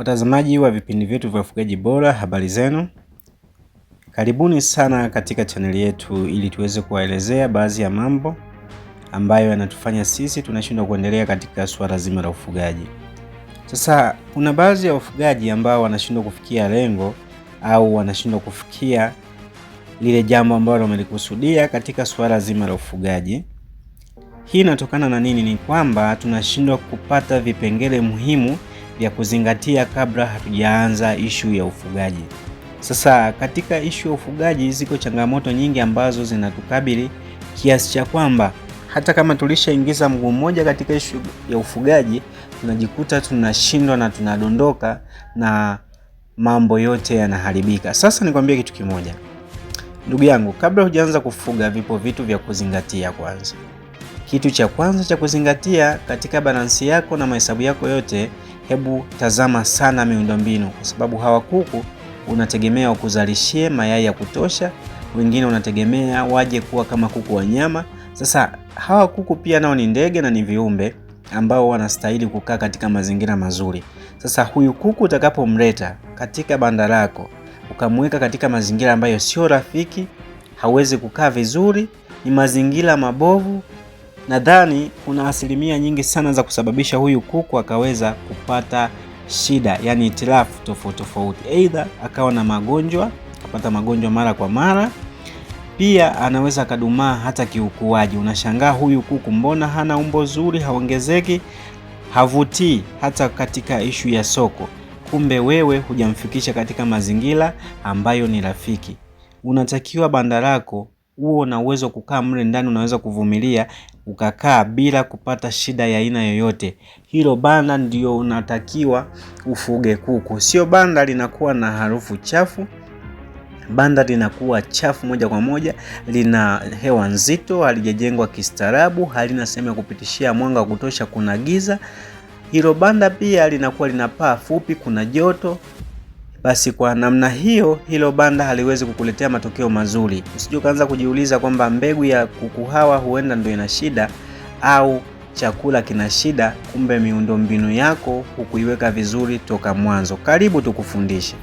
Watazamaji wa vipindi vyetu vya ufugaji bora, habari zenu, karibuni sana katika chaneli yetu ili tuweze kuwaelezea baadhi ya mambo ambayo yanatufanya sisi tunashindwa kuendelea katika suala zima la ufugaji. Sasa kuna baadhi ya wafugaji ambao wanashindwa kufikia lengo au wanashindwa kufikia lile jambo ambalo wamelikusudia katika suala zima la ufugaji. Hii inatokana na nini? Ni kwamba tunashindwa kupata vipengele muhimu vya kuzingatia kabla hatujaanza ishu ya ufugaji. Sasa katika ishu ya ufugaji ziko changamoto nyingi ambazo zinatukabili kiasi cha kwamba hata kama tulishaingiza mguu mmoja katika ishu ya ufugaji tunajikuta tunashindwa na tunadondoka na mambo yote yanaharibika. Sasa nikwambie kitu kimoja, ndugu yangu, kabla hujaanza kufuga, vipo vitu vya kuzingatia kwanza. Kitu cha kwanza cha kuzingatia katika balansi yako na mahesabu yako yote, hebu tazama sana miundombinu, kwa sababu hawa kuku unategemea wakuzalishie mayai ya kutosha, wengine unategemea waje kuwa kama kuku wa nyama. Sasa hawa kuku pia nao ni ndege na ni viumbe ambao wanastahili kukaa katika mazingira mazuri. Sasa huyu kuku utakapomleta katika banda lako ukamweka katika mazingira ambayo sio rafiki, hawezi kukaa vizuri, ni mazingira mabovu, nadhani kuna asilimia nyingi sana za kusababisha huyu kuku akaweza kupata shida, yani itilafu tofauti tofauti, aidha akawa na magonjwa, akapata magonjwa mara kwa mara. Pia anaweza akadumaa hata kiukuaji. Unashangaa huyu kuku mbona hana umbo zuri, haongezeki, havutii hata katika ishu ya soko. Kumbe wewe hujamfikisha katika mazingira ambayo ni rafiki. Unatakiwa banda lako huo na uwezo wa kukaa mle ndani, unaweza kuvumilia ukakaa bila kupata shida ya aina yoyote. Hilo banda ndio unatakiwa ufuge kuku, sio banda linakuwa na harufu chafu banda linakuwa chafu moja kwa moja, lina hewa nzito, halijajengwa kistaarabu, halina sehemu ya kupitishia mwanga wa kutosha, kuna giza. Hilo banda pia linakuwa lina paa fupi, kuna joto basi kwa namna hiyo hilo banda haliwezi kukuletea matokeo mazuri. Usije ukaanza kujiuliza kwamba mbegu ya kuku hawa huenda ndio ina shida au chakula kina shida, kumbe miundombinu yako hukuiweka vizuri toka mwanzo. Karibu tukufundishe.